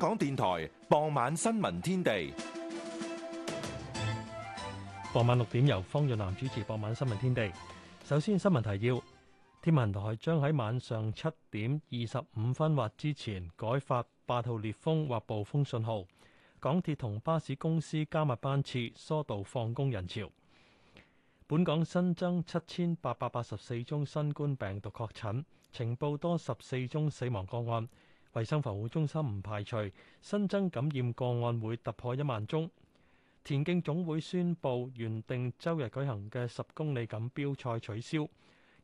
香港電台傍晚新聞天地，傍晚六點由方潤南主持。傍晚新聞天地，首先新聞提要：天文台將喺晚上七點二十五分或之前改發八號烈風或暴風信號。港鐵同巴士公司加密班次，疏導放工人潮。本港新增七千八百八十四宗新冠病毒確診，呈報多十四宗死亡個案。衛生防護中心唔排除新增感染個案會突破一萬宗。田徑總會宣佈原定周日舉行嘅十公里錦標賽取消，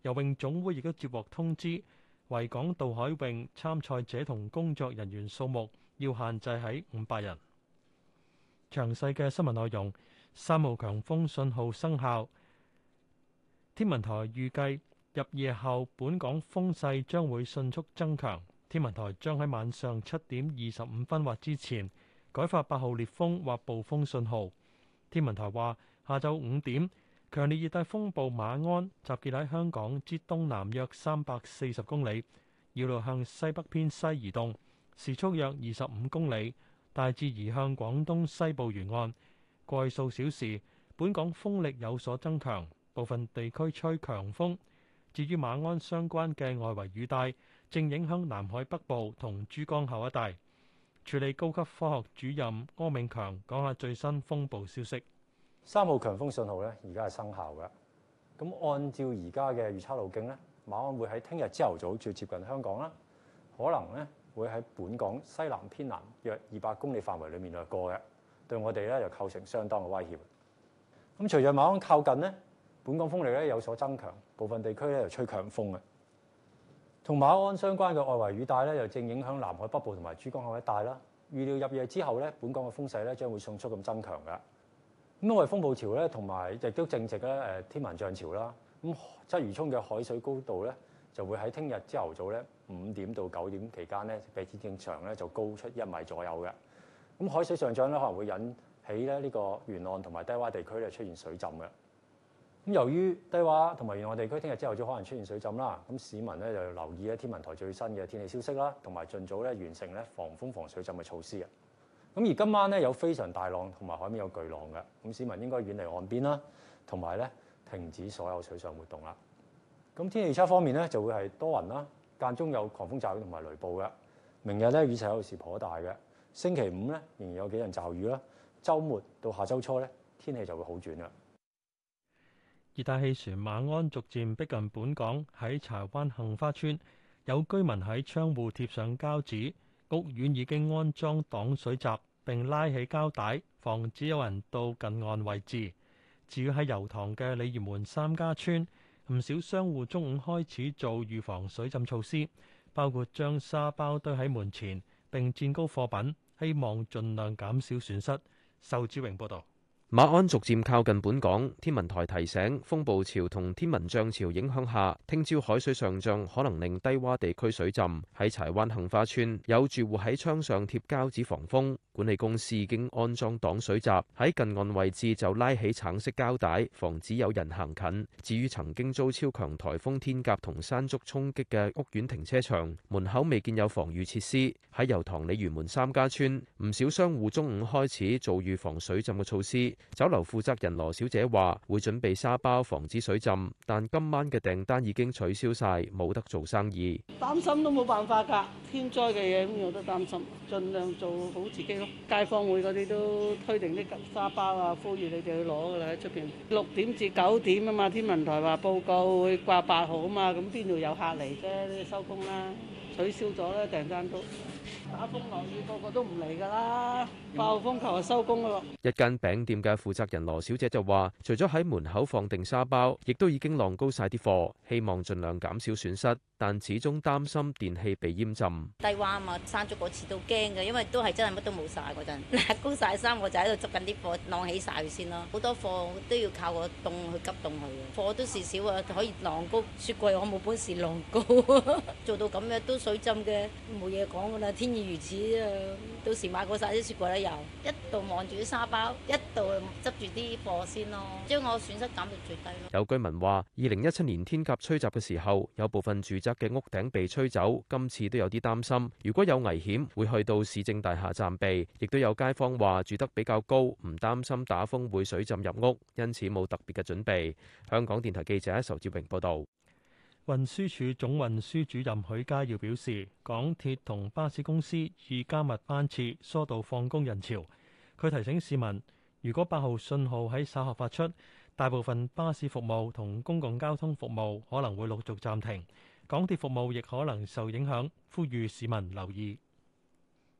游泳總會亦都接獲通知，維港渡海泳參賽者同工作人員數目要限制喺五百人。詳細嘅新聞內容，三號強風信號生效。天文台預計入夜後，本港風勢將會迅速增強。天文台將喺晚上七點二十五分或之前改發八號烈風或暴風信號。天文台話：下晝五點，強烈熱帶風暴馬鞍集結喺香港之東南約三百四十公里，沿路向西北偏西移動，時速約二十五公里，大致移向廣東西部沿岸。過去數小時，本港風力有所增強，部分地區吹強風。至於馬鞍相關嘅外圍雨帶，正影響南海北部同珠江口一帶。處理高級科學主任柯明強講下最新風暴消息。三號強風信號咧，而家係生效嘅。咁按照而家嘅預測路徑咧，馬鞍會喺聽日朝頭早最接近香港啦。可能咧會喺本港西南偏南約二百公里範圍裡面掠過嘅，對我哋咧又構成相當嘅威脅。咁隨著馬鞍靠近呢，本港風力咧有所增強，部分地區咧又吹強風嘅。同馬鞍相關嘅外圍雨帶咧，又正影響南海北部同埋珠江口一帶啦。預料入夜之後咧，本港嘅風勢咧將會迅速咁增強嘅。咁因為風暴潮咧，同埋亦都正值咧誒天文漲潮啦。咁鰂魚涌嘅海水高度咧，就會喺聽日朝頭早咧五點到九點期間咧，比正常咧就高出一米左右嘅。咁海水上漲咧，可能會引起咧呢、這個沿岸同埋低洼地區咧出現水浸嘅。咁由於低窪同埋沿海地區，聽日朝頭早可能出現水浸啦。咁市民咧就要留意咧天文台最新嘅天氣消息啦，同埋盡早咧完成咧防風防水浸嘅措施啊。咁而今晚咧有非常大浪，同埋海面有巨浪嘅。咁市民應該遠離岸邊啦，同埋咧停止所有水上活動啦。咁天氣差方面咧就會係多雲啦，間中有狂風驟雨同埋雷暴嘅。明日咧雨勢有時頗大嘅。星期五咧仍然有幾陣驟雨啦。周末到下周初咧天氣就會好轉啦。熱帶氣旋馬鞍逐漸逼近本港，喺柴灣杏花村有居民喺窗戶貼上膠紙，屋苑已經安裝擋水閘並拉起膠帶，防止有人到近岸位置。至於喺油塘嘅鯉魚門三家村，唔少商戶中午開始做預防水浸措施，包括將沙包堆喺門前並墊高貨品，希望儘量減少損失。仇志榮報導。馬鞍逐漸靠近本港，天文台提醒風暴潮同天文漲潮影響下，聽朝海水上漲可能令低洼地區水浸。喺柴灣杏花村，有住戶喺窗上貼膠紙防風。管理公司已經安裝擋水閘，喺近岸位置就拉起橙色膠帶，防止有人行近。至於曾經遭超強颱風天鴿同山竹衝擊嘅屋苑停車場，門口未見有防禦設施。喺油塘鯉魚門三家村，唔少商戶中午開始做預防水浸嘅措施。酒樓負責人羅小姐話：會準備沙包防止水浸，但今晚嘅訂單已經取消晒，冇得做生意。擔心都冇辦法噶，天災嘅嘢我都擔心，盡量做好自己咯。街坊會嗰啲都推定啲沙包啊，呼籲你哋去攞噶啦。喺出邊六點至九點啊嘛，天文台話報告會掛八號啊嘛，咁邊度有客嚟啫？你哋收工啦。取消咗啦，訂單都，打風落雨個個都唔嚟㗎啦，暴風球就收工咯。一間餅店嘅負責人羅小姐就話，除咗喺門口放定沙包，亦都已經晾高晒啲貨，希望盡量減少損失，但始終擔心電器被淹浸。低窪啊嘛，山竹嗰次都驚嘅，因為都係真係乜都冇晒嗰陣，嗱，高晒衫，我就喺度執緊啲貨，浪起晒佢先咯。好多貨都要靠個凍去急凍佢嘅，貨都少少啊，可以浪高雪櫃，我冇本事浪高， 做到咁樣都。水浸嘅冇嘢講㗎啦，天意如此啊！到時買過晒啲雪櫃啦，又一度望住啲沙包，一度執住啲貨先咯，將我損失減到最低咯。有居民話：二零一七年天鴿吹襲嘅時候，有部分住宅嘅屋頂被吹走，今次都有啲擔心。如果有危險，會去到市政大廈暫避。亦都有街坊話住得比較高，唔擔心打風會水浸入屋，因此冇特別嘅準備。香港電台記者仇志榮報道。運輸署總運輸主任許家耀表示，港鐵同巴士公司已加密班次，疏導放工人潮。佢提醒市民，如果八號信號喺稍後發出，大部分巴士服務同公共交通服務可能會陸續暫停，港鐵服務亦可能受影響，呼籲市民留意。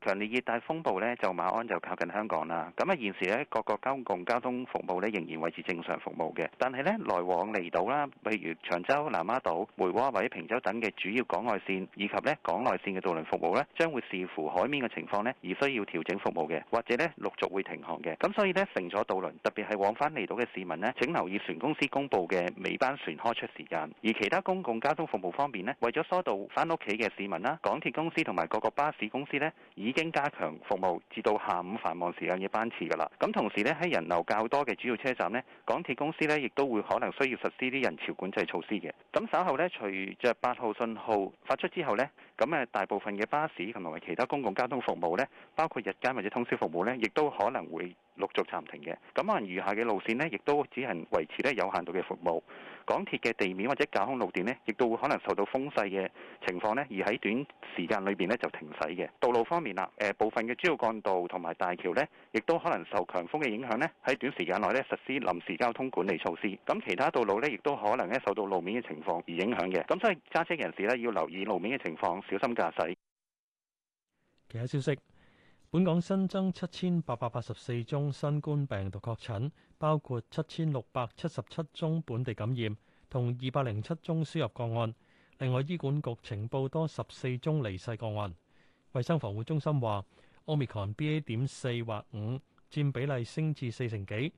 強烈熱帶風暴咧，就馬鞍就靠近香港啦。咁啊，現時咧各個公共交通服務咧仍然維持正常服務嘅，但係咧來往離島啦，譬如長洲、南丫島、梅窩或者坪洲等嘅主要港外線以及咧港內線嘅渡輪服務咧，將會視乎海面嘅情況咧而需要調整服務嘅，或者咧陸續會停航嘅。咁所以咧，乘坐渡輪特別係往返離島嘅市民咧，請留意船公司公布嘅尾班船開出時間。而其他公共交通服務方面咧，為咗疏導翻屋企嘅市民啦，港鐵公司同埋各個巴士公司咧以經加強服務，至到下午繁忙時間嘅班次㗎喇。咁同時呢，喺人流較多嘅主要車站呢，港鐵公司呢亦都會可能需要實施啲人潮管制措施嘅。咁稍後呢，隨着八號信號發出之後呢，咁誒大部分嘅巴士同埋其他公共交通服務呢，包括日間或者通宵服務呢，亦都可能會陸續暫停嘅。咁可能餘下嘅路線呢，亦都只係維持呢有限度嘅服務。港鐵嘅地面或者架空路段呢，亦都會可能受到風勢嘅情況呢，而喺短時間裏邊呢就停駛嘅。道路方面啦，誒部分嘅主要幹道同埋大橋呢，亦都可能受強風嘅影響呢，喺短時間內呢實施臨時交通管理措施。咁其他道路呢，亦都可能呢受到路面嘅情況而影響嘅。咁所以揸車人士呢要留意路面嘅情況，小心駕駛。其他消息。本港新增七千八百八十四宗新冠病毒確診，包括七千六百七十七宗本地感染同二百零七宗輸入個案。另外，醫管局呈報多十四宗離世個案。衛生防護中心話，奧密克戎 BA. 點四或五佔比例升至四成幾，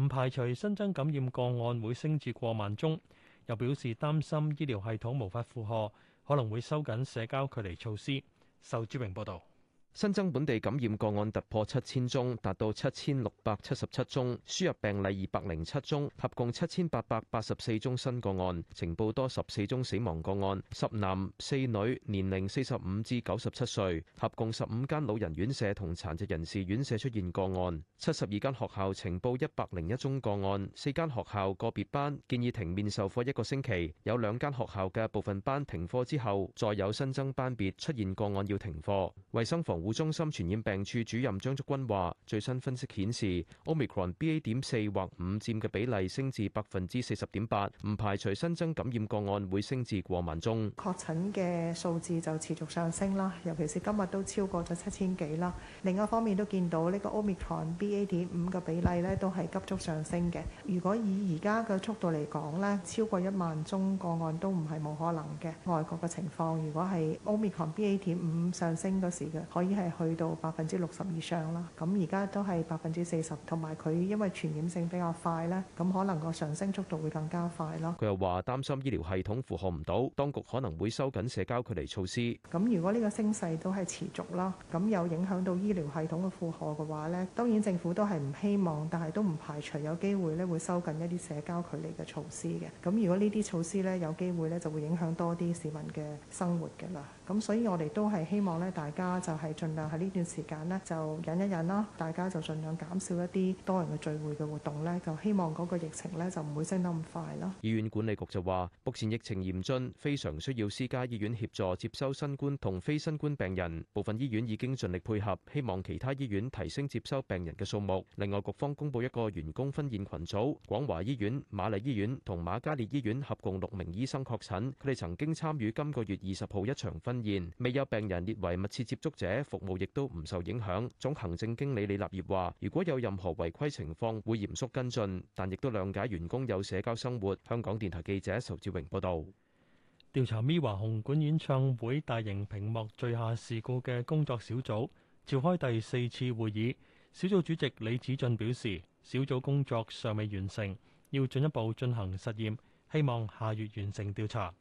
唔排除新增感染個案會升至過萬宗。又表示擔心醫療系統無法負荷，可能會收緊社交距離措施。仇志榮報道。新增本地感染個案突破七千宗，達到七千六百七十七宗，輸入病例二百零七宗，合共七千八百八十四宗新個案，呈報多十四宗死亡個案，十男四女，年齡四十五至九十七歲，合共十五間老人院舍同殘疾人士院舍出現個案，七十二間學校呈報一百零一宗個案，四間學校個別班建議停面授課一個星期，有兩間學校嘅部分班停課之後，再有新增班別出現個案要停課，衛生防。護中心傳染病處主任張竹君話：最新分析顯示，Omicron BA. 點四或五佔嘅比例升至百分之四十點八，唔排除新增感染個案會升至過萬宗。確診嘅數字就持續上升啦，尤其是今日都超過咗七千幾啦。另外一方面都見到呢、呢個 Omicron BA. 點五嘅比例咧都係急速上升嘅。如果以而家嘅速度嚟講咧，超過一萬宗個案都唔係冇可能嘅。外國嘅情況，如果係 Omicron BA. 點五上升嗰時嘅，可以。啲係去到百分之六十以上啦，咁而家都係百分之四十，同埋佢因為傳染性比較快咧，咁可能個上升速度會更加快咯。佢又話擔心醫療系統負荷唔到，當局可能會收緊社交距離措施。咁如果呢個升勢都係持續啦，咁有影響到醫療系統嘅負荷嘅話咧，當然政府都係唔希望，但係都唔排除有機會咧會收緊一啲社交距離嘅措施嘅。咁如果呢啲措施咧有機會咧就會影響多啲市民嘅生活㗎啦。咁所以我哋都係希望咧大家就係、是。儘量喺呢段時間咧就忍一忍啦，大家就儘量減少一啲多人嘅聚會嘅活動咧，就希望嗰個疫情呢就唔會升得咁快咯。醫院管理局就話：目前疫情嚴峻，非常需要私家醫院協助接收新冠同非新冠病人。部分醫院已經盡力配合，希望其他醫院提升接收病人嘅數目。另外，局方公布一個員工婚宴群組，廣華醫院、瑪麗醫院同瑪嘉烈醫院合共六名醫生確診，佢哋曾經參與今個月二十號一場婚宴，未有病人列為密切接觸者。服務亦都唔受影響。總行政經理李立業話，如果有任何違規情況，會嚴肅跟進，但亦都諒解員工有社交生活。香港電台記者仇志榮報道。調查 MIRROR 紅館演唱會大型屏幕墜下事故嘅工作小組召開第四次會議。小組主席李子俊表示，小組工作尚未完成，要進一步進行實驗，希望下月完成調查。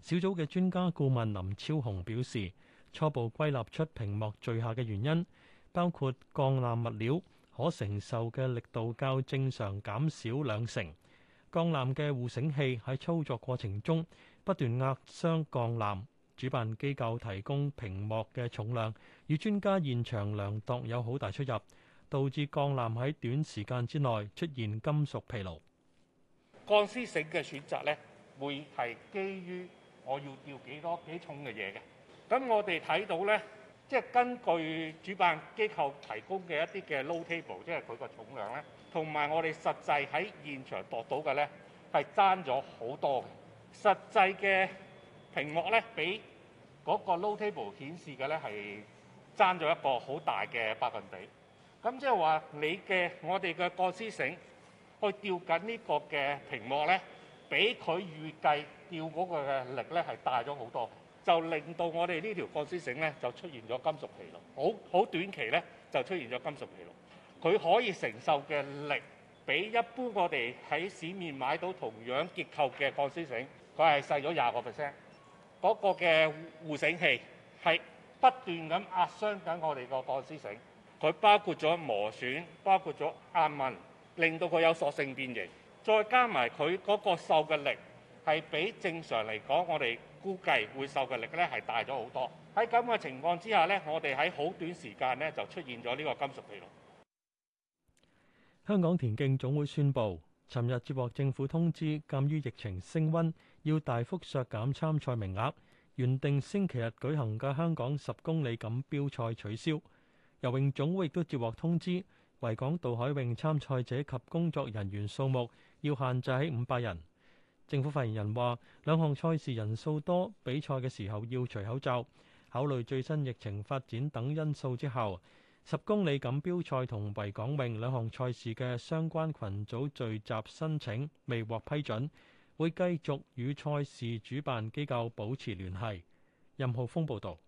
小組嘅專家顧問林超雄表示，初步歸納出屏幕墜下嘅原因，包括鋼纜物料可承受嘅力度較正常減少兩成，鋼纜嘅護繩器喺操作過程中不斷壓傷鋼纜，主辦機構提供屏幕嘅重量與專家現場量度有好大出入，導致鋼纜喺短時間之內出現金屬疲勞。鋼絲繩嘅選擇呢，會係基於我要吊幾多幾重嘅嘢嘅。咁我哋睇到咧，即係根據主辦機構提供嘅一啲嘅 load table，即係佢個重量咧，同埋我哋實際喺現場度到嘅咧，係爭咗好多嘅。實際嘅屏幕咧，比嗰個 load table 顯示嘅咧，係爭咗一個好大嘅百分比。咁即係話你嘅我哋嘅鋼絲繩去吊緊呢個嘅屏幕咧，比佢預計吊嗰個嘅力咧，係大咗好多。就令到我哋呢條鋼絲繩咧，就出現咗金屬疲勞，好好短期咧就出現咗金屬疲勞。佢可以承受嘅力比一般我哋喺市面買到同樣結構嘅鋼絲繩，佢係細咗廿個 percent。嗰個嘅護繩器係不斷咁壓傷緊我哋個鋼絲繩，佢包括咗磨損，包括咗壓紋，令到佢有塑性變形，再加埋佢嗰個受嘅力係比正常嚟講我哋估計會受嘅力咧係大咗好多。喺咁嘅情況之下呢，我哋喺好短時間呢就出現咗呢個金屬疲勞。香港田徑總會宣布，尋日接獲政府通知，鑑於疫情升溫，要大幅削減參賽名額。原定星期日舉行嘅香港十公里錦標賽取消。游泳總會亦都接獲通知，維港渡海泳參賽者及工作人員數目要限制喺五百人。政府發言人話：兩項賽事人數多，比賽嘅時候要除口罩。考慮最新疫情發展等因素之後，十公里錦標賽同維港泳兩項賽事嘅相關群組聚集申請未獲批准，會繼續與賽事主辦機構保持聯繫。任浩峰報道。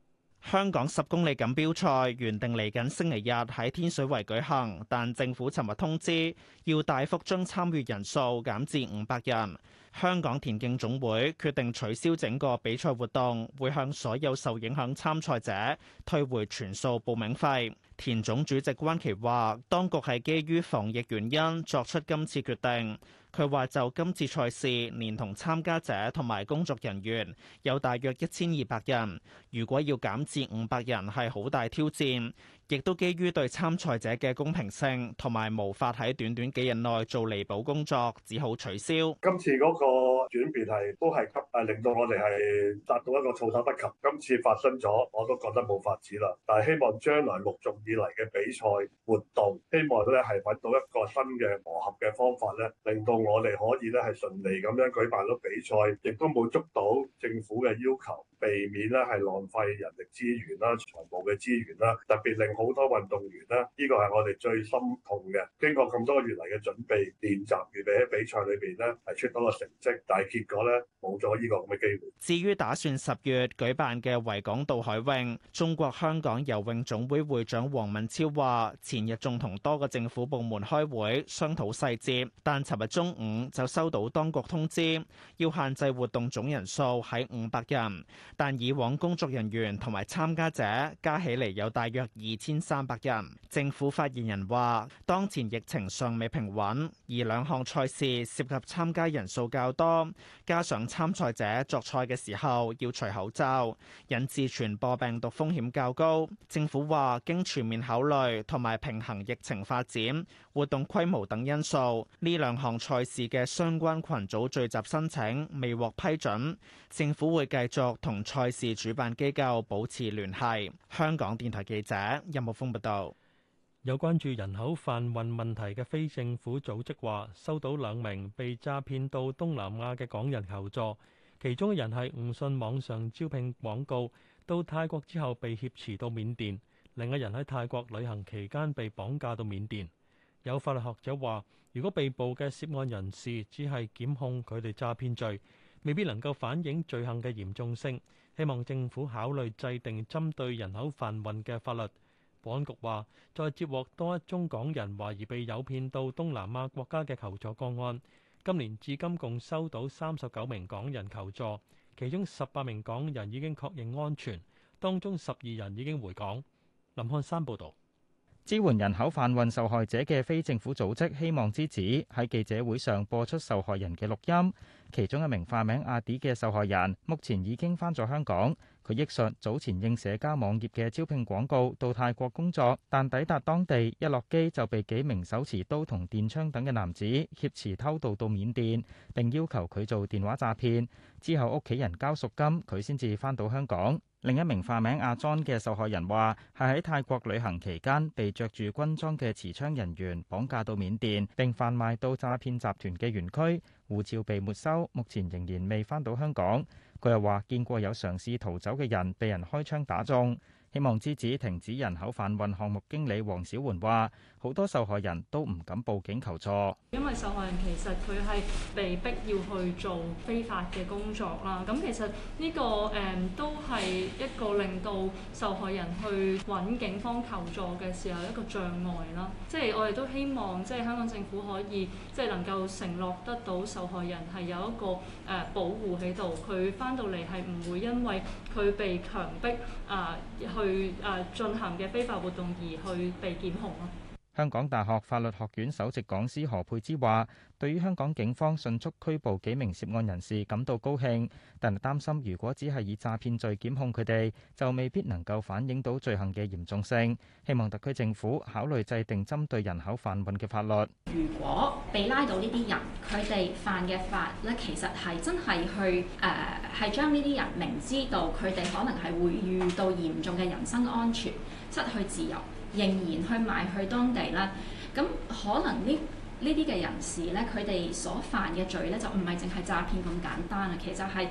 香港十公里錦標賽原定嚟緊星期日喺天水圍舉行，但政府尋日通知要大幅將參與人數減至五百人。香港田徑總會決定取消整個比賽活動，會向所有受影響參賽者退回全數報名費。田總主席關其話當局係基於防疫原因作出今次決定。佢話，就今次賽事，連同參加者同埋工作人員，有大約一千二百人。如果要減至五百人，係好大挑戰。亦都基於對參賽者嘅公平性，同埋無法喺短短幾日內做彌補工作，只好取消。今次嗰個轉變係都係令到我哋係達到一個措手不及。今次發生咗，我都覺得冇法子啦。但係希望將來陸續以嚟嘅比賽活動，希望咧係搵到一個新嘅磨合嘅方法咧，令到我哋可以咧係順利咁樣舉辦到比賽，亦都滿足到政府嘅要求，避免咧係浪費人力資源啦、財務嘅資源啦，特別令。好多運動員咧，呢個係我哋最心痛嘅。經過咁多個月嚟嘅準備、練習、預備喺比賽裏邊呢，係出到個成績，但係結果呢，冇咗呢個咁嘅機會。至於打算十月舉辦嘅維港渡海泳，中國香港游泳總會會長黃文超話：前日仲同多個政府部門開會商討細節，但尋日中午就收到當局通知，要限制活動總人數喺五百人。但以往工作人員同埋參加者加起嚟有大約二千。千三百人。政府發言人話：當前疫情尚未平穩，而兩項賽事涉及參加人數較多，加上參賽者作賽嘅時候要除口罩，引致傳播病毒風險較高。政府話：經全面考慮同埋平衡疫情發展、活動規模等因素，呢兩項賽事嘅相關群組聚集申請未獲批准。政府會繼續同賽事主辦機構保持聯繫。香港電台記者。任木峰報道，有關注人口販運問題嘅非政府組織話，收到兩名被詐騙到東南亞嘅港人求助。其中一人係誤信網上招聘廣告，到泰國之後被挾持到緬甸；另一人喺泰國旅行期間被綁架到緬甸。有法律學者話，如果被捕嘅涉案人士只係檢控佢哋詐騙罪，未必能夠反映罪行嘅嚴重性。希望政府考慮制定針對人口販運嘅法律。保安局話，再接獲多一宗港人懷疑被誘騙到東南亞國家嘅求助個案。今年至今共收到三十九名港人求助，其中十八名港人已經確認安全，當中十二人已經回港。林漢山報導。支援人口販運受害者嘅非政府組織希望之子喺記者會上播出受害人嘅錄音，其中一名化名阿迪嘅受害人，目前已經翻咗香港。佢憶述早前應社交網頁嘅招聘廣告到泰國工作，但抵達當地一落機就被幾名手持刀同電槍等嘅男子挾持偷渡到緬甸，並要求佢做電話詐騙，之後屋企人交贖金，佢先至翻到香港。另一名化名阿莊嘅受害人話，係喺泰國旅行期間被着住軍裝嘅持槍人員綁架到緬甸，並販賣到詐騙集團嘅園區，護照被沒收，目前仍然未翻到香港。佢又話：見過有嘗試逃走嘅人，被人開槍打中。希望之子停止人口販運項目經理黃小媛話：好多受害人都唔敢報警求助，因為受害人其實佢係被逼要去做非法嘅工作啦。咁其實呢個誒都係一個令到受害人去揾警方求助嘅時候一個障礙啦。即係我哋都希望，即係香港政府可以即係能夠承諾得到受害人係有一個誒保護喺度，佢翻到嚟係唔會因為佢被強迫啊去。去誒呃，進行嘅非法活動而去被檢控咯、啊。香港大學法律學院首席講師何佩芝話，對於香港警方迅速拘捕幾名涉案人士感到高興，但係擔心如果只係以詐騙罪檢控佢哋，就未必能夠反映到罪行嘅嚴重性。希望特區政府考慮制定針對人口販運嘅法律。如果被拉到呢啲人，佢哋犯嘅法咧，其實係真係去誒，係將呢啲人明知道佢哋可能係會遇到嚴重嘅人身安全、失去自由。仍然去賣去當地啦，咁可能呢呢啲嘅人士咧，佢哋所犯嘅罪咧就唔係淨係詐騙咁簡單啊，其實係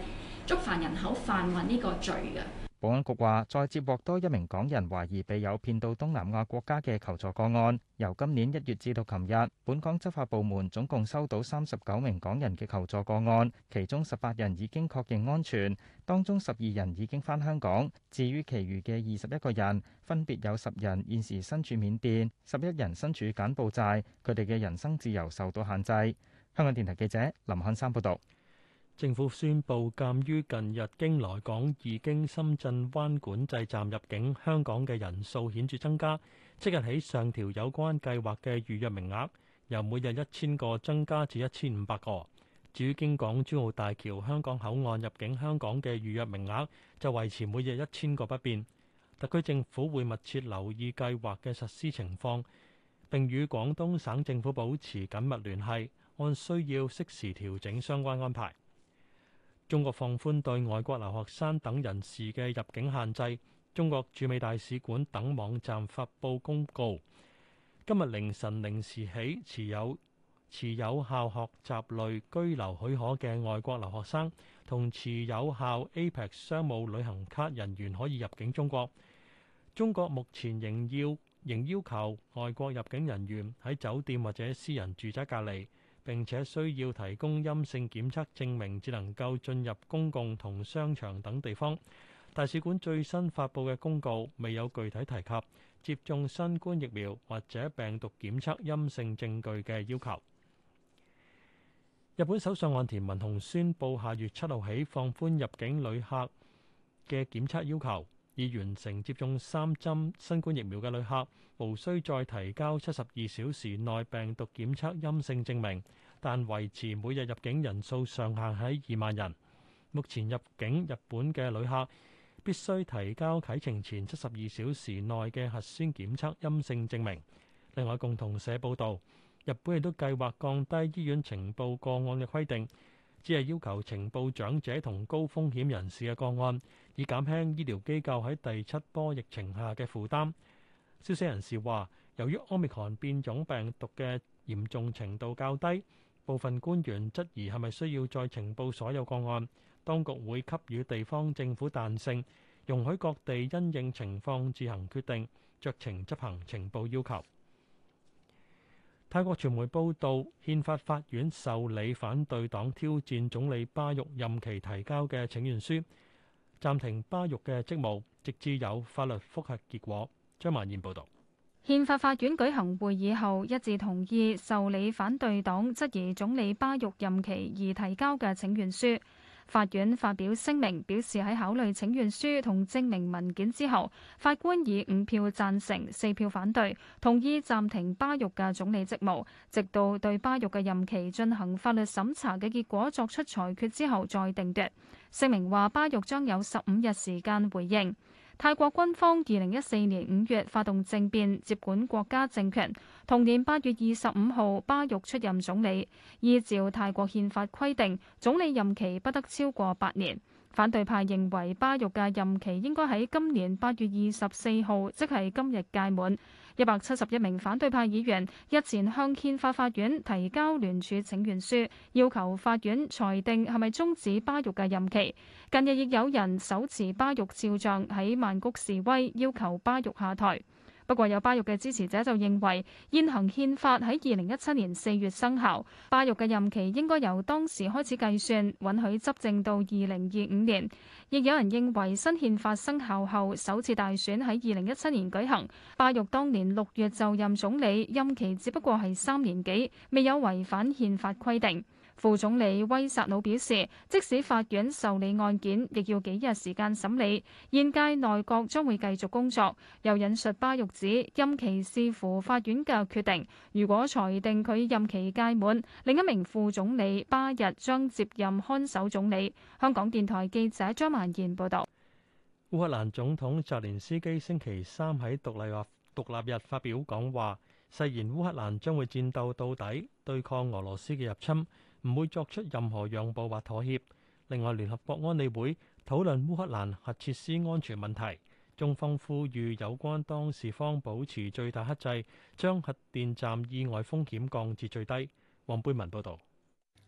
觸犯人口販運呢個罪嘅。保安局話，再接獲多一名港人懷疑被誘騙到東南亞國家嘅求助個案。由今年一月至到琴日，本港執法部門總共收到三十九名港人嘅求助個案，其中十八人已經確認安全，當中十二人已經返香港。至於其餘嘅二十一個人，分別有十人現時身處緬甸，十一人身處柬埔寨，佢哋嘅人身自由受到限制。香港電台記者林漢山報道。政府宣布，鑒於近日經來港易經深圳灣管制站入境香港嘅人數顯著增加，即日起上調有關計劃嘅預約名額由每日一千個增加至一千五百個，至於經港珠澳大橋香港口岸入境香港嘅預約名額就維持每日一千個不變，特區政府會密切留意計劃嘅實施情況，並與廣東省政府保持緊密聯繫，按需要適時調整相關安排。中國放寬對外國留學生等人士嘅入境限制。中國駐美大使館等網站發布公告，今日凌晨零時起，持有持有效學習類居留許可嘅外國留學生同持有效 APEC 商務旅行卡人員可以入境中國。中國目前仍要仍要求外國入境人員喺酒店或者私人住宅隔離。並且需要提供陰性檢測證明，至能夠進入公共同商場等地方。大使館最新發布嘅公告未有具體提及接種新冠疫苗或者病毒檢測陰性證據嘅要求。日本首相岸田文雄宣布下月七號起放寬入境旅客嘅檢測要求。已完成接種三針新冠疫苗嘅旅客，無需再提交七十二小時內病毒檢測陰性證明，但維持每日入境人數上限喺二萬人。目前入境日本嘅旅客必須提交啟程前七十二小時內嘅核酸檢測陰性證明。另外，共同社報導，日本亦都計劃降低醫院呈報個案嘅規定，只係要求呈報長者同高風險人士嘅個案。以減輕醫療機構喺第七波疫情下嘅負擔。消息人士話，由於 Omicron 變種病毒嘅嚴重程度較低，部分官員質疑係咪需要再暫停巴育嘅職務，直至有法律覆核結果。張萬燕報道，憲法法院舉行會議後一致同意受理反對黨質疑總理巴育任期而提交嘅請願書。法院發表聲明表示喺考慮請願書同證明文件之後，法官以五票贊成、四票反對，同意暫停巴育嘅總理職務，直到對巴育嘅任期進行法律審查嘅結果作出裁決之後再定奪。聲明話巴育將有十五日時間回應。泰國軍方二零一四年五月發動政變，接管國家政權，同年八月二十五號巴育出任總理。依照泰國憲法規定，總理任期不得超過八年。反對派認為巴育嘅任期應該喺今年八月二十四號，即係今日屆滿。一百七十一名反對派議員日前向憲法法院提交聯署請願書，要求法院裁定係咪終止巴育嘅任期。近日亦有人手持巴育肖像喺曼谷示威，要求巴育下台。不過，有巴育嘅支持者就認為，現行憲法喺二零一七年四月生效，巴育嘅任期應該由當時開始計算，允許執政到二零二五年。亦有人認為，新憲法生效後首次大選喺二零一七年舉行，巴育當年六月就任總理，任期只不過係三年幾，未有違反憲法規定。副總理威薩努表示，即使法院受理案件，亦要幾日時間審理。現屆內閣將會繼續工作。又引述巴育指，任期視乎法院嘅決定。如果裁定佢任期屆滿，另一名副總理巴日將接任看守總理。香港電台記者張曼燕報導。烏克蘭總統澤連斯基星期三喺獨立獨立日發表講話，誓言烏克蘭將會戰鬥到底，對抗俄羅斯嘅入侵。唔會作出任何讓步或妥協。另外，聯合國安理會討論烏克蘭核設施安全問題，中方呼籲有關當事方保持最大克制，將核電站意外風險降至最低。黃貝文報導。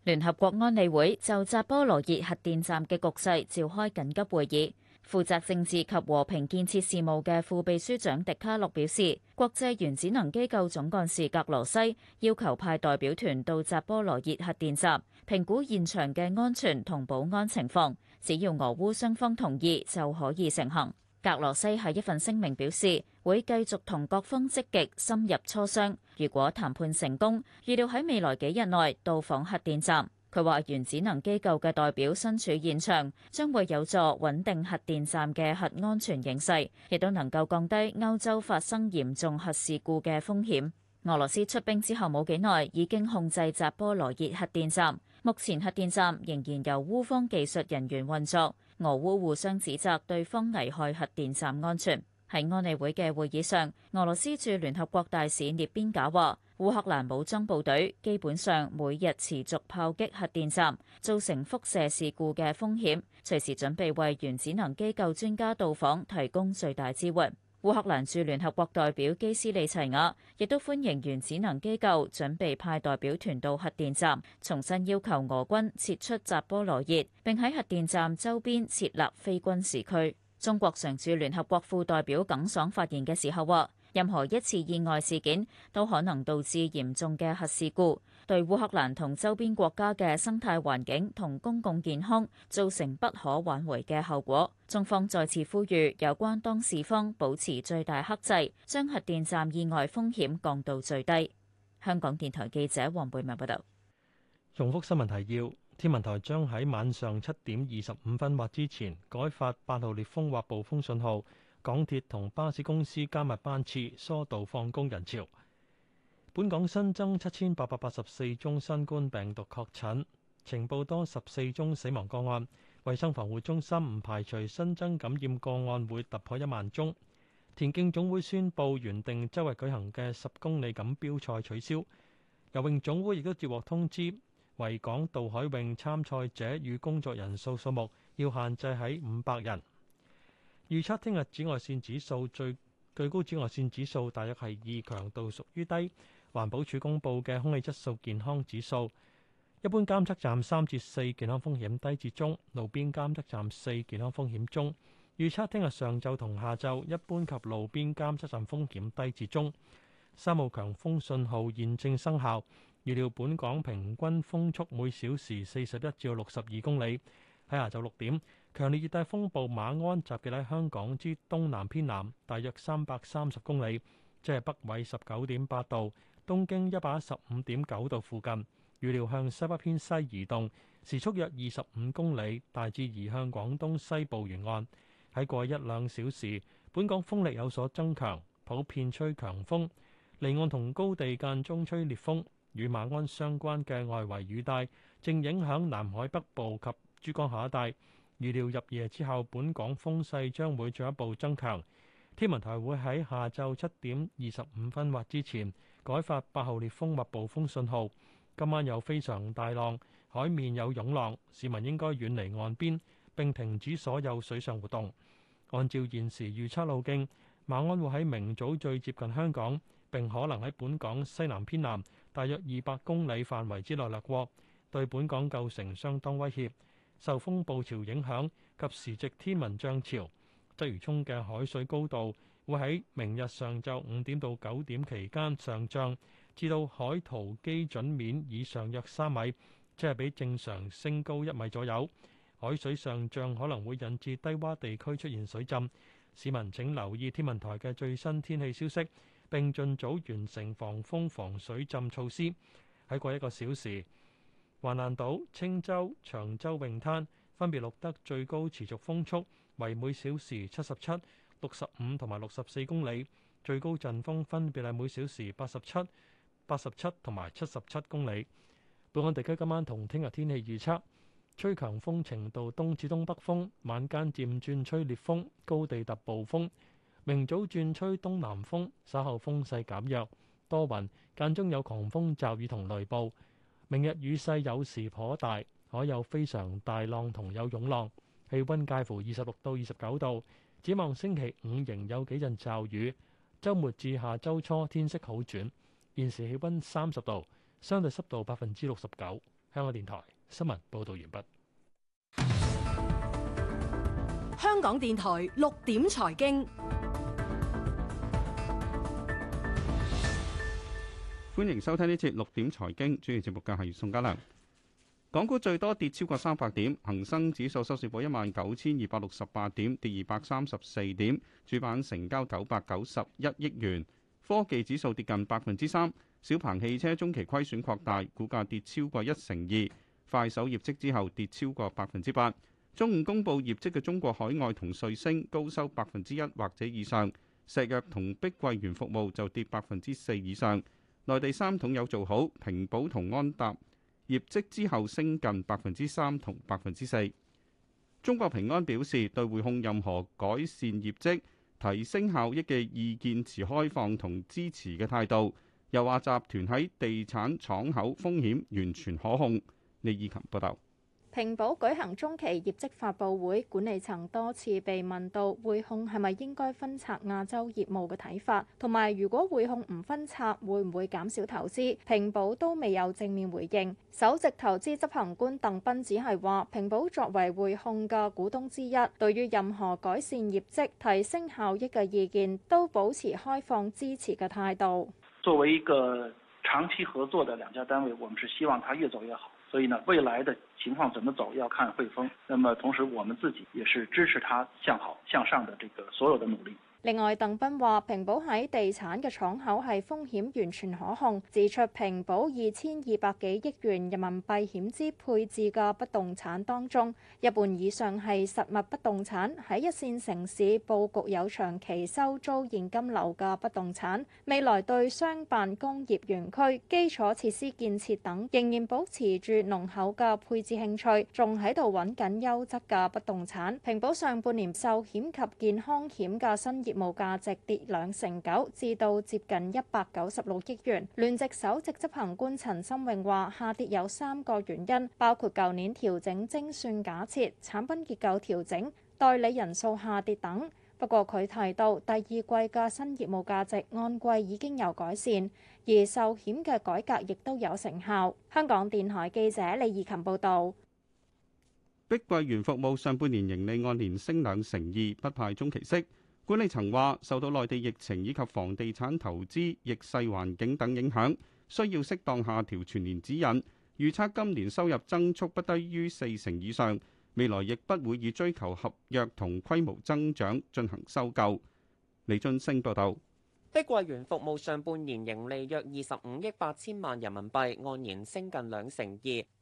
聯合國安理會就扎波羅熱核電站嘅局勢召開緊急會議。負責政治及和平建設事務嘅副秘書長迪卡洛表示，國際原子能機構總幹事格羅西要求派代表團到扎波羅熱核電站評估現場嘅安全同保安情況，只要俄烏雙方同意就可以成行。格羅西喺一份聲明表示，會繼續同各方積極深入磋商，如果談判成功，預料喺未來幾日內到訪核電站。佢話原子能機構嘅代表身處現場，將會有助穩定核電站嘅核安全形勢，亦都能夠降低歐洲發生嚴重核事故嘅風險。俄羅斯出兵之後冇幾耐，已經控制扎波羅熱核電站，目前核電站仍然由烏方技術人員運作。俄烏互相指責對方危害核電站安全。喺安理會嘅會議上，俄羅斯駐聯合國大使涅邊賈話：烏克蘭武裝部隊基本上每日持續炮擊核電站，造成輻射事故嘅風險。隨時準備為原子能機構專家到訪提供最大支援。烏克蘭駐聯合國代表基斯利齊亞亦都歡迎原子能機構準備派代表團到核電站，重申要求俄軍撤出扎波羅熱，並喺核電站周邊設立非軍事區。中國常駐聯合國副代表耿爽發言嘅時候話，任何一次意外事件都可能導致嚴重嘅核事故，對烏克蘭同周邊國家嘅生態環境同公共健康造成不可挽回嘅後果。中方再次呼籲有關當事方保持最大克制，將核電站意外風險降到最低。香港電台記者黃貝文報道。重複新聞提要。天文台將喺晚上七點二十五分或之前改發八號烈風或暴風信號。港鐵同巴士公司加密班次，疏導放工人潮。本港新增七千八百八十四宗新冠病毒確診，呈報多十四宗死亡個案。衛生防護中心唔排除新增感染個案會突破一萬宗。田徑總會宣布原定周日舉行嘅十公里錦標賽取消。游泳總會亦都接獲通知。維港渡海泳參賽者與工作人數數目要限制喺五百人。預測聽日紫外線指數，最最高紫外線指數大約係二，強度屬於低。環保署公布嘅空氣質素健康指數，一般監測站三至四，健康風險低至中，路邊監測站四，健康風險中。預測聽日上晝同下晝一般及路邊監測站風險低至中。三號強風信號現正生效。預料本港平均風速每小時四十一至六十二公里。喺下晝六點，強烈熱帶風暴馬鞍集結喺香港之東南偏南，大約三百三十公里，即係北緯十九點八度、東經一百一十五點九度附近。預料向西北偏西移動，時速約二十五公里，大致移向廣東西部沿岸。喺過去一兩小時，本港風力有所增強，普遍吹強風，離岸同高地間中吹烈風。與馬鞍相關嘅外圍雨帶，正影響南海北部及珠江下一帶。預料入夜之後，本港風勢將會進一步增強。天文台會喺下晝七點二十五分或之前，改發八號烈風或暴風信號。今晚有非常大浪，海面有湧浪，市民應該遠離岸邊，並停止所有水上活動。按照現時預測路徑，馬鞍會喺明早最接近香港，並可能喺本港西南偏南，大約二百公里範圍之內掠過，對本港構成相當威脅。受風暴潮影響及時值天文漲潮，鰂魚涌嘅海水高度會喺明日上晝並盡早完成防風防水浸措施。喺過一個小時，橫瀾島、青洲、長洲泳灘分別錄得最高持續風速為每小時七十七、六十五同埋六十四公里，最高陣風分別係每小時八十七、八十七同埋七十七公里。本港地區今晚同聽日天氣預測，吹強風程度東至東北風，晚間漸轉吹烈風，高地達暴風。明早轉吹東南風，稍後風勢減弱，多雲，間中有狂風驟雨同雷暴。明日雨勢有時頗大，可有非常大浪同有湧浪。氣溫介乎二十六到二十九度。展望星期五仍有幾陣驟雨，週末至下周初天色好轉。現時氣溫三十度，相對濕度百分之六十九。香港電台新聞報道完畢。香港電台六點財經。歡迎收聽呢節六點財經，主持節目嘅係宋嘉良。港股最多跌超過三百點，恒生指數收市報一萬九千二百六十八點，跌二百三十四點，主板成交九百九十一億元。科技指數跌近百分之三。小鵬汽車中期虧損擴大，股價跌超過一成二。快手業績之後跌超過百分之八。中午公布業績嘅中國海外同瑞星高收百分之一或者以上，石藥同碧桂園服務就跌百分之四以上。內地三桶有做好，平保同安踏，業績之後升近百分之三同百分之四。中國平安表示對匯控任何改善業績、提升效益嘅意見持開放同支持嘅態度，又話集團喺地產敞口風險完全可控。李以琴報道。平保舉行中期業績發佈會,管理層多次被問到匯控係咪應該分拆亞洲業務嘅睇法,同埋如果匯控唔分拆會唔會減少投資,平保都未有正面回應。首席投資執行官鄧斌只係話,平保作為匯控嘅股東之一,對於任何改善業績、提升效益嘅意見都保持開放支持嘅態度。作為一個長期合作嘅兩家單位,我們是希望佢越做越好。所以呢，未來的情況怎麼走，要看匯豐。那麼同時我們自己也是支持他向好向上的這個所有的努力。另外，鄧斌話平保喺地產嘅敞口係風險完全可控，指出平保二千二百幾億元人民幣險資配置嘅不動產當中，一半以上係實物不動產，喺一線城市佈局有長期收租現金流嘅不動產。未來對商辦工業園區基礎設施建設等仍然保持住濃厚嘅配置興趣，仲喺度揾緊優質嘅不動產。平保上半年壽險及健康險嘅新業務價值跌兩成九，至到接近一百九十六億元。聯席首席執行官陳心穎話：下跌有三個原因，包括舊年調整精算假設、產品結構調整、代理人數下跌等。不過佢提到，第二季嘅新業務價值按季已經有改善，而壽險嘅改革亦都有成效。香港電台記者李怡琴報導。碧桂園服務上半年盈利按年升兩成二，不派中期息。管理層話，受到內地疫情以及房地產投資逆勢環境等影響，需要適當下調全年指引，預測今年收入增速不低於四成以上。未來亦不會以追求合約同規模增長進行收購。李俊升報道。碧桂園服務上半年盈利約二十五億八千萬人民幣，按年升近兩成二。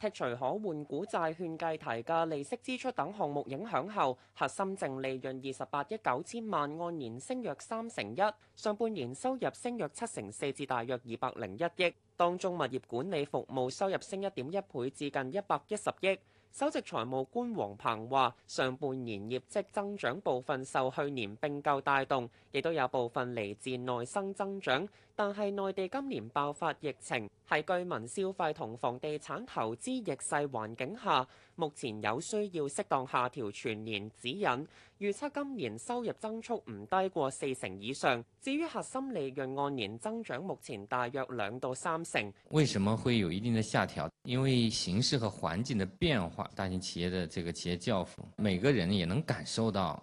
剔除可換股債券計提嘅利息支出等項目影響後，核心淨利潤二十八億九千萬，按年升約三成一。上半年收入升約七成四，至大約二百零一億，當中物業管理服務收入升一點一倍，至近一百一十億。首席財務官黃鵬話：上半年業績增長部分受去年並購帶動，亦都有部分嚟自內生增長，但係內地今年爆發疫情。喺居民消費同房地產投資逆勢環境下，目前有需要適當下調全年指引，預測今年收入增速唔低過四成以上。至於核心利潤按年增長，目前大約兩到三成。為什麼會有一定的下調？因為形勢和環境的變化，大型企業的這個企業教父，每個人也能感受到。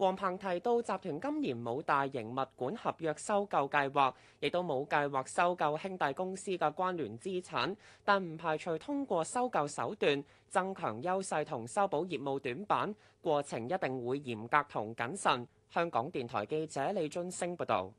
王鵬提到，集團今年冇大型物管合約收購計劃，亦都冇計劃收購兄弟公司嘅關聯資產，但唔排除通過收購手段增強優勢同修補業務短板，過程一定會嚴格同謹慎。香港電台記者李津升報道。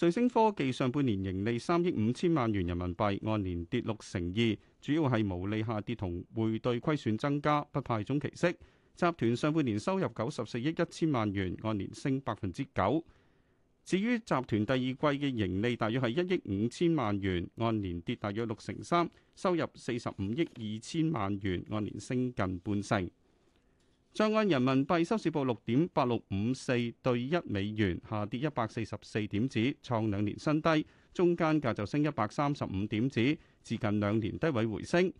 瑞星科技上半年盈利三億五千萬元人民幣，按年跌六成二，主要係毛利下跌同匯兌虧損增加，不派中期息。集團上半年收入九十四億一千萬元，按年升百分之九。至於集團第二季嘅盈利，大約係一億五千萬元，按年跌大約六成三，收入四十五億二千萬元，按年升近半成。在岸人民幣收市報六點八六五四對一美元，下跌一百四十四點子，創兩年新低。中間價就升一百三十五點子，至近兩年低位回升。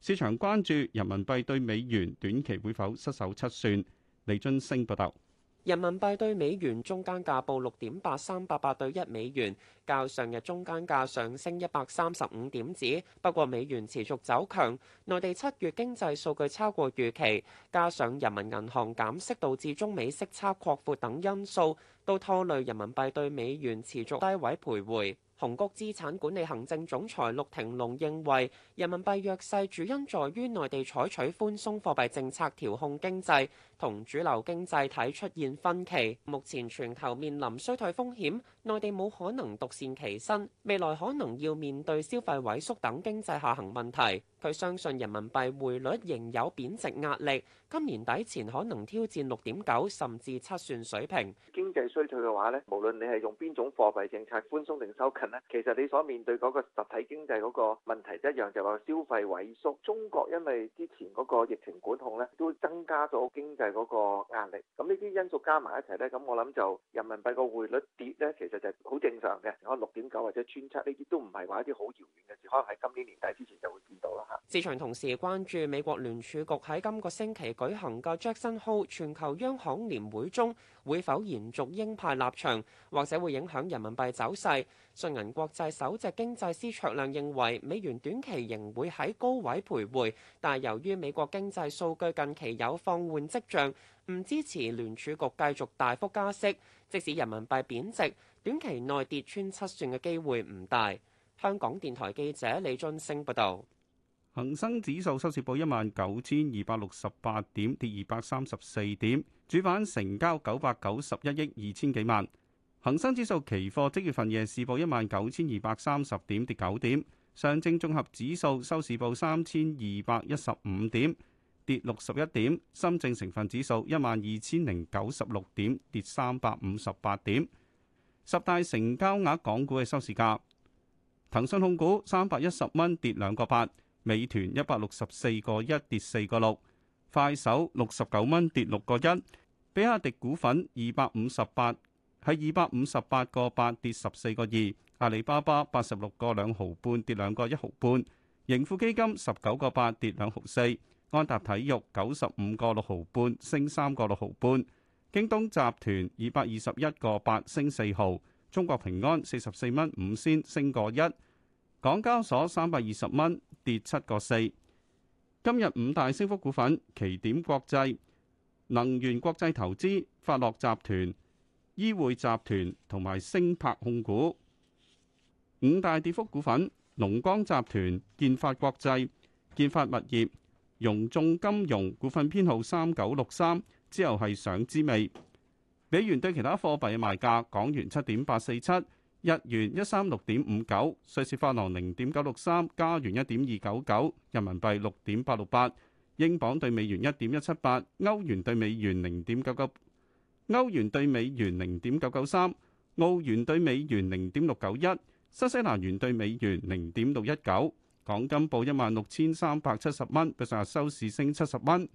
市場關注人民幣對美元短期會否失守七算？李津升報道：人民幣對美元中間價報六點八三八八對一美元，較上日中間價上升一百三十五點子。不過美元持續走強，內地七月經濟數據超過預期，加上人民銀行減息導致中美息，息差擴闊等因素，都拖累人民幣對美元持續低位徘徊。鴻谷資產管理行政總裁陸庭龍認為，人民幣弱勢主因在於內地採取寬鬆貨幣政策調控經濟，同主流經濟體出現分歧。目前全球面臨衰退風險。內地冇可能獨善其身，未來可能要面對消費萎縮等經濟下行問題。佢相信人民幣匯率仍有貶值壓力，今年底前可能挑戰六點九甚至七算水平。經濟衰退嘅話呢，無論你係用邊種貨幣政策寬鬆定收緊呢，其實你所面對嗰個實體經濟嗰個問題一樣，就係話消費萎縮。中國因為之前嗰個疫情管控呢，都增加咗經濟嗰個壓力。咁呢啲因素加埋一齊呢，咁我諗就人民幣個匯率跌呢，其實，好正常嘅，可能六點九或者穿七呢啲都唔係話一啲好遙遠嘅事，可能喺今年年底之前就會見到啦。嚇，市場同時關注美國聯儲局喺今個星期舉行嘅 Jackson Hole 全球央行年會中，會否延續鷹派立場，或者會影響人民幣走勢。信銀國際首席經濟師卓亮認為，美元短期仍會喺高位徘徊，但係由於美國經濟數據近期有放緩跡象，唔支持聯儲局繼續大幅加息。即使人民幣貶值，短期內跌穿七算嘅機會唔大。香港電台記者李俊升報道，恒生指數收市報一萬九千二百六十八點，跌二百三十四點。主板成交九百九十一億二千幾萬。恒生指數期貨即月份夜市報一萬九千二百三十點，跌九點。上證綜合指數收市報三千二百一十五點。跌六十一點，深證成分指數一萬二千零九十六點，跌三百五十八點。十大成交額港股嘅收市價：騰訊控股三百一十蚊，跌兩個八；美團一百六十四個一，跌四個六；快手六十九蚊，跌六個一；比亞迪股份二百五十八，喺二百五十八個八，跌十四個二；阿里巴巴八十六個兩毫半，跌兩個一毫半；盈富基金十九個八，跌兩毫四。安踏體育九十五個六毫半，升三個六毫半。京東集團二百二十一個八，升四毫。中國平安四十四蚊五仙，升個一。港交所三百二十蚊，跌七個四。今日五大升幅股份：奇點國際、能源國際投資、發樂集團、醫匯集團同埋昇柏控股。五大跌幅股份：龍光集團、建發國際、建發物業。融眾金融股份編號三九六三，之後係上知味。美元對其他貨幣嘅賣價：港元七點八四七，日元一三六點五九，瑞士法郎零點九六三，加元一點二九九，人民幣六點八六八，英鎊對美元一點一七八，歐元對美元零點九九，歐元對美元零點九九三，澳元對美元零點六九一，新西蘭元對美元零點六一九。港金報一萬六千三百七十蚊，比上日收市升七十蚊。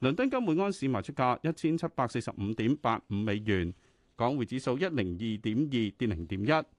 倫敦金每盎司賣出價一千七百四十五點八五美元。港匯指數一零二點二，跌零點一。